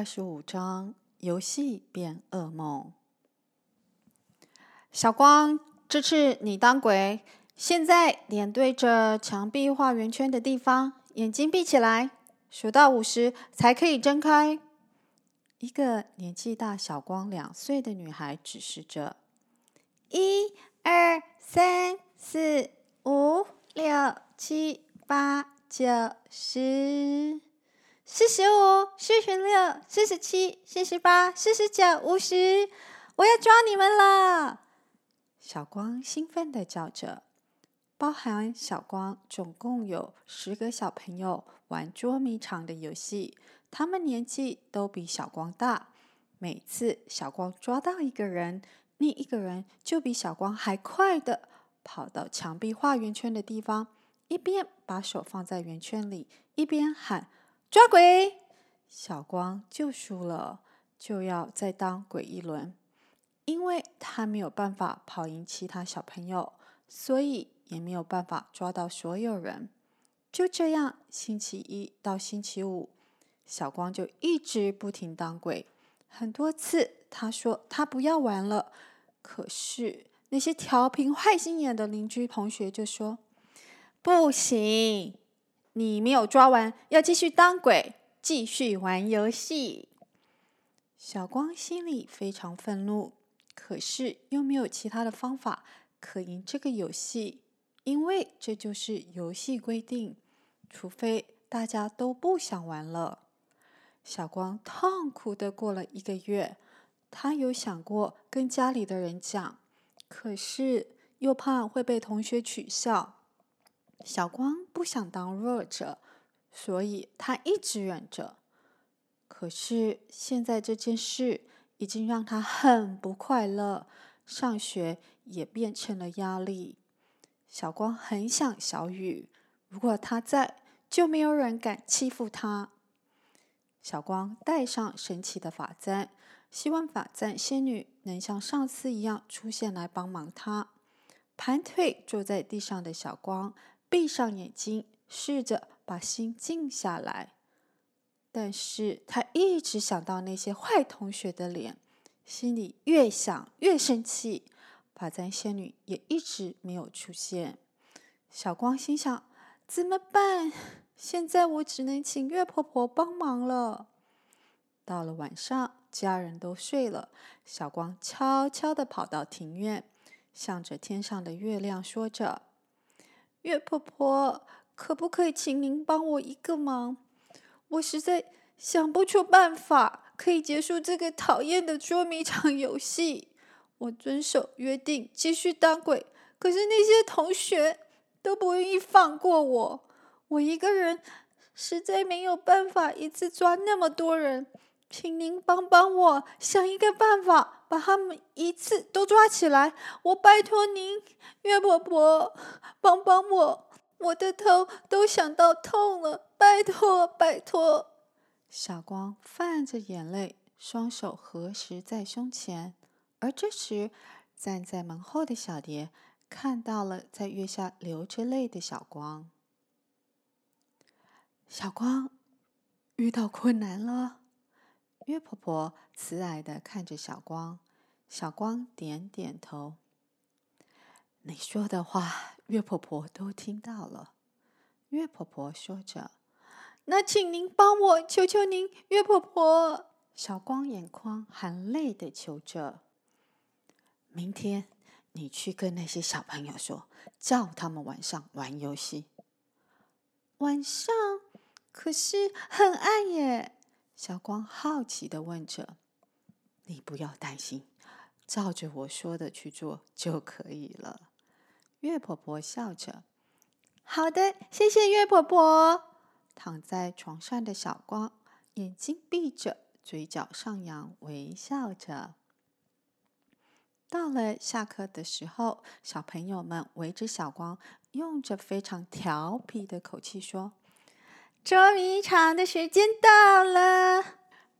二十五章，遊戲變噩夢。小光，這次你當鬼。現在臉對着牆壁畫圓圈的地方，眼睛閉起來，數到五十才可以睜開。一個年紀大小光兩歲的女孩指示着：一、二、三、四、五、六、七、八、九、十。四十五、四十六、四十七、四十八、四十九、五十，我要抓你們了！小光興奮的叫着。包含小光，總共有十個小朋友玩捉迷藏的遊戲。他們年紀都比小光大。每次小光抓到一個人，另一個人就比小光還快的跑到牆壁畫圓圈的地方，一邊把手放在圓圈裡，一邊喊。抓鬼，小光就輸了，就要再當鬼一輪，因為他沒有辦法跑贏其他小朋友，所以也沒有辦法抓到所有人。就這樣，星期一到星期五，小光就一直不停當鬼。很多次，他說他不要玩了，可是那些調皮壞心眼的鄰居同學就說：“不行。”你沒有抓完，要繼續當鬼，繼續玩遊戲。小光心裡非常憤怒，可是又沒有其他的方法可贏這個遊戲，因為這就是遊戲規定，除非大家都不想玩了。小光痛苦的過了一個月，她有想過跟家裡的人講，可是又怕會被同學取笑。小光不想當弱者，所以他一直忍着。可是現在這件事已經讓他很不快樂，上學也變成了壓力。小光很想小雨，如果他在，就沒有人敢欺負他。小光戴上神奇的髮簪，希望髮簪仙女能像上次一樣出現來幫忙他。盤腿坐在地上的小光。閉上眼睛，試着把心靜下來。但是他一直想到那些壞同學的臉，心裡越想越生氣。法杖仙女也一直沒有出現。小光心想：“怎麼辦？現在我只能請月婆婆幫忙了。”到了晚上，家人都睡了，小光悄悄地跑到庭院，向着天上的月亮說着。岳婆婆，可不可以請您幫我一個忙？我實在想不出辦法可以結束這個討厭的捉迷藏遊戲。我遵守約定繼續當鬼，可是那些同學都不願意放過我。我一個人實在沒有辦法一次抓那麼多人，請您幫幫我想一個辦法。把他們一次都抓起來！我拜托您，月伯伯，幫幫我！我的頭都想到痛了，拜托，拜托！小光泛着眼淚，雙手合十在胸前。而這時，站在門後的小蝶看到了在月下流着淚的小光。小光遇到困難了。月婆婆慈愛的看着小光，小光點點頭。你說的話，月婆婆都聽到了。月婆婆說着：“那請您幫我，求求您，月婆婆。”小光眼眶含淚的求着：“明天你去跟那些小朋友說，叫他們晚上玩遊戲。晚上可是很暗耶。”小光好奇的問着：“你不要擔心，照着我說的去做就可以了。”月婆婆笑着：“好的，謝謝月婆婆。”躺在床上的小光，眼睛閉着，嘴角上揚，微笑着。到了下課的時候，小朋友們圍着小光，用着非常調皮的口氣說。捉迷藏的時間到了，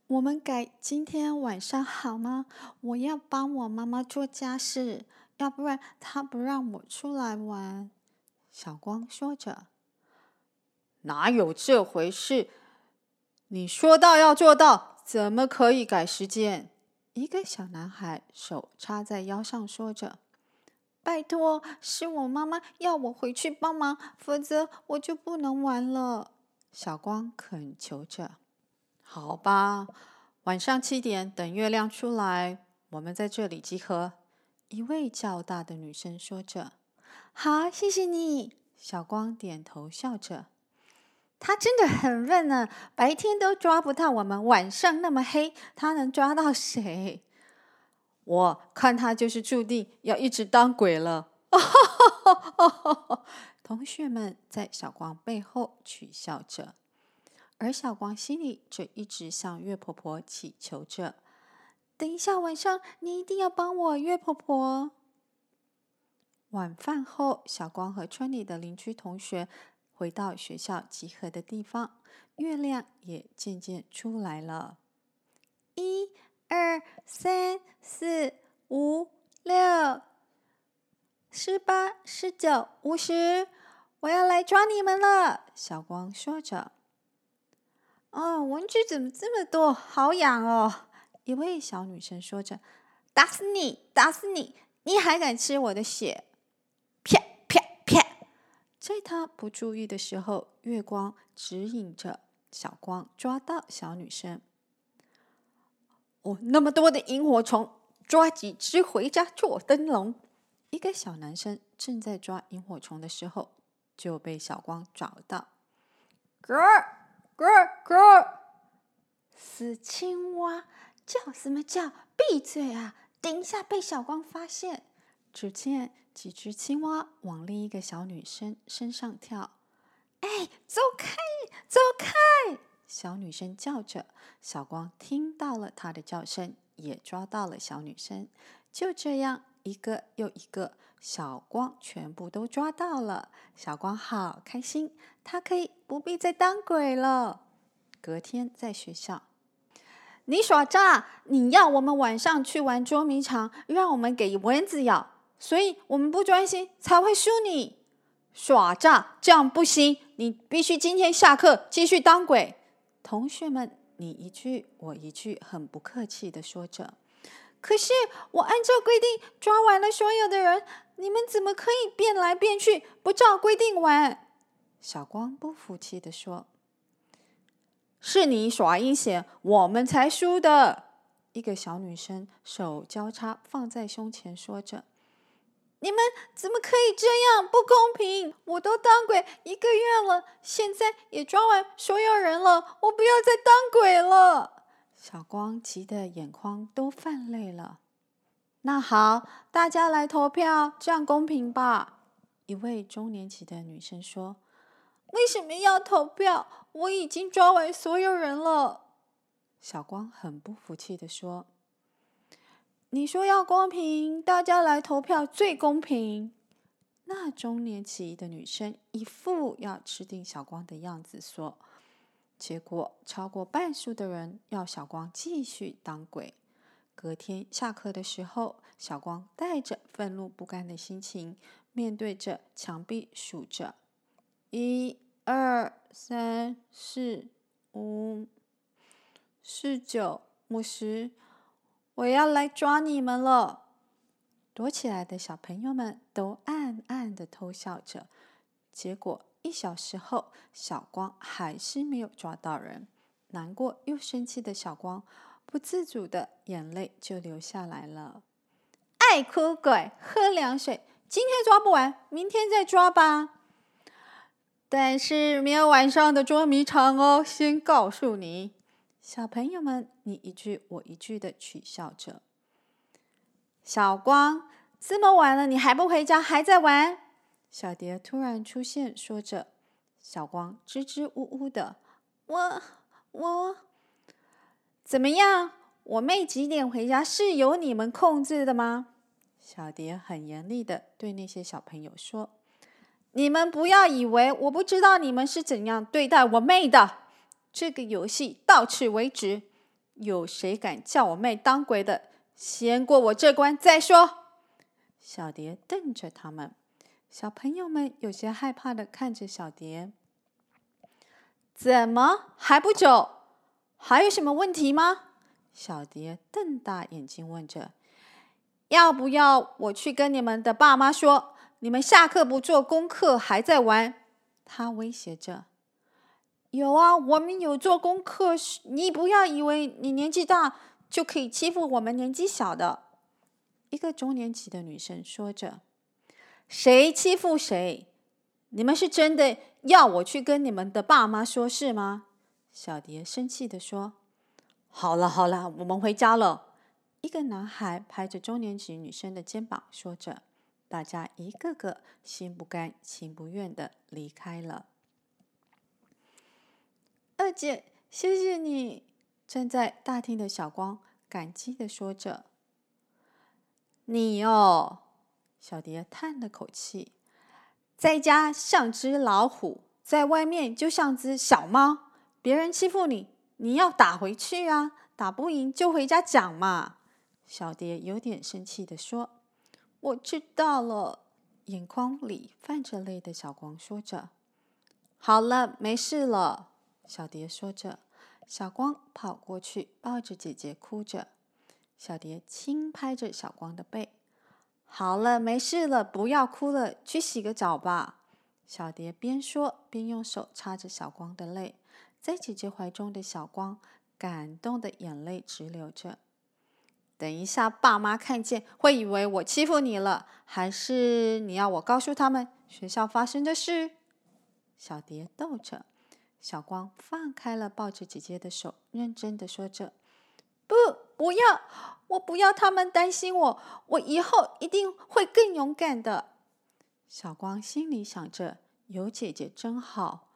我們改今天晚上好嗎？我要幫我媽媽做家事，要不然她不讓我出來玩。”小光說着，“哪有這回事？你說到要做到，怎麼可以改時間？”一個小男孩手插在腰上說着，“拜託，是我媽媽要我回去幫忙，否則我就不能玩了。”小光懇求着：“好吧，晚上七點等月亮出來，我們在這裡集合。”一位較大的女生說着：“好，謝謝你。”小光點頭笑着。她真的很笨呢、啊，白天都抓不到我們，晚上那麼黑，她能抓到誰？我看她就是注定要一直當鬼了。 同學們在小光背後取笑着，而小光心裡卻一直向月婆婆祈求着：“等一下晚上，你一定要幫我，月婆婆。”晚飯後，小光和村裡的鄰居同學回到學校集合的地方，月亮也漸漸出來了。一二三四五六，十八十九五十。我要來抓你們了，小光說着。哦，蚊子怎麼這麼多？好癢哦！一位小女生說着：“打死你，打死你！你還敢吃我的血？”啪啪啪，啪在他不注意的時候，月光指引着小光抓到小女生。哦，那麼多的螢火蟲，抓幾隻回家做燈籠。一個小男生正在抓螢火蟲的時候。就被小光找到，哥哥哥，呃呃、死青蛙叫什麼叫？閉嘴啊！等一下被小光發現。只見幾隻青蛙往另一個小女生身上跳，哎，走開，走開！小女生叫着，小光聽到了她的叫聲，也抓到了小女生。就這樣，一個又一個。小光全部都抓到了，小光好開心，他可以不必再當鬼了。隔天在學校，你耍詐，你要我們晚上去玩捉迷藏，讓我們給蚊子咬，所以我們不專心才會輸。你耍詐，這樣不行，你必須今天下課繼續當鬼。同學們，你一句我一句，很不客氣地說着。可是我按照規定抓完了所有的人。你們怎麼可以變來變去，不照規定玩？小光不服氣地說：“是你耍陰險，我們才輸的。”一個小女生手交叉放在胸前，說着：“你們怎麼可以這樣不公平？我都當鬼一個月了，現在也抓完所有人了，我不要再當鬼了。”小光急得眼眶都泛淚了。那好，大家來投票，這樣公平吧？一位中年級的女生說：“為什麼要投票？我已經抓完所有人了。”小光很不服氣地說：“你說要公平，大家來投票最公平。”那中年級的女生一副要吃定小光的樣子說：“結果超過半數的人要小光繼續當鬼。”隔天下課的時候，小光帶着憤怒不甘的心情，面對着牆壁數着：一、二、三、四、五、四、九、五、十，我要來抓你們了！躲起來的小朋友們都暗暗的偷笑着。結果一小時後，小光還是沒有抓到人，難過又生氣的小光，不自主的眼淚就流下來了，愛哭鬼，喝涼水。今天抓不完，明天再抓吧。但是沒有晚上的捉迷藏哦，先告訴你。小朋友們，你一句我一句的取笑着。小光，這麼晚了，你還不回家，還在玩？小蝶突然出現，說着。小光支支吾吾的，我，我。怎麼樣？我妹幾點回家是由你們控制的嗎？小蝶很嚴厲地對那些小朋友說：“你們不要以為我不知道你們是怎樣對待我妹的。這個遊戲到此為止，有誰敢叫我妹當鬼的？先過我這關再說。”小蝶瞪着他們，小朋友們有些害怕地看着小蝶。怎麼還不走？還有什麼問題嗎？小蝶瞪大眼睛問着。“要不要我去跟你們的爸媽說，你們下課不做功課還在玩？”他威脅着。“有啊，我們有做功課，你不要以為你年紀大就可以欺負我們年紀小的。”一個中年級的女生說着。“誰欺負誰？你們是真的要我去跟你們的爸媽說，是嗎？”小蝶生氣地說：“好了好了，我們回家了。”一個男孩拍着中年級女生的肩膀，說着：“大家一個個心不甘情不願的離開了。”二姐，謝謝你！站在大廳的小光感激的說着：“你哦。”小蝶嘆了口氣：“在家像隻老虎，在外面就像隻小貓。”別人欺負你，你要打回去啊！打不贏就回家講嘛。”小蝶有點生氣地說。“我知道了。”眼眶裡泛着淚的小光說着。“好了，沒事了。”小蝶說着，小光跑過去抱着姐姐哭着。小蝶輕拍着小光的背：“好了，沒事了，不要哭了，去洗個澡吧。”小蝶邊說邊用手擦着小光的淚。在姐姐懷中的小光，感動的眼淚直流着。等一下，爸媽看見會以為我欺負你了，還是你要我告訴他們學校發生的事？小蝶逗着，小光放開了抱着姐姐的手，認真的說着：“不，不要，我不要他們擔心我，我以後一定會更勇敢的。”小光心裡想着：“有姐姐真好。”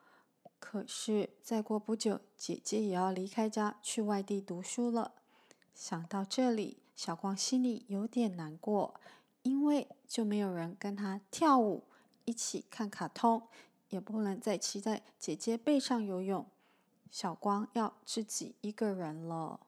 可是，再過不久，姐姐也要離開家去外地讀書了。想到這裡，小光心裡有點難過，因為就沒有人跟她跳舞，一起看卡通，也不能再騎在姐姐背上游泳。小光要自己一個人了。